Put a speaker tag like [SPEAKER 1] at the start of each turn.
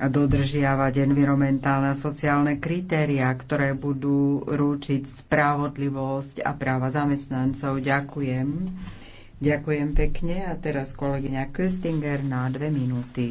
[SPEAKER 1] a dodržiavať environmentálne a sociálne kritériá, ktoré budú rúčiť spravodlivosť a práva zamestnancov. Ďakujem. Ďakujem pekne a teraz kolegyňa Köstinger na dve minúty.